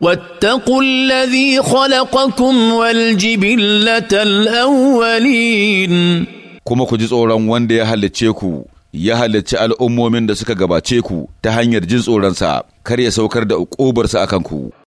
واتقوا الذي خلقكم والجبلة الأولين kuma ku ji tsoron wanda ya halicce ku ya halicci al'ummomin da suka gabace ku ta hanyar jin tsoronsa kar ya saukar da a kan ku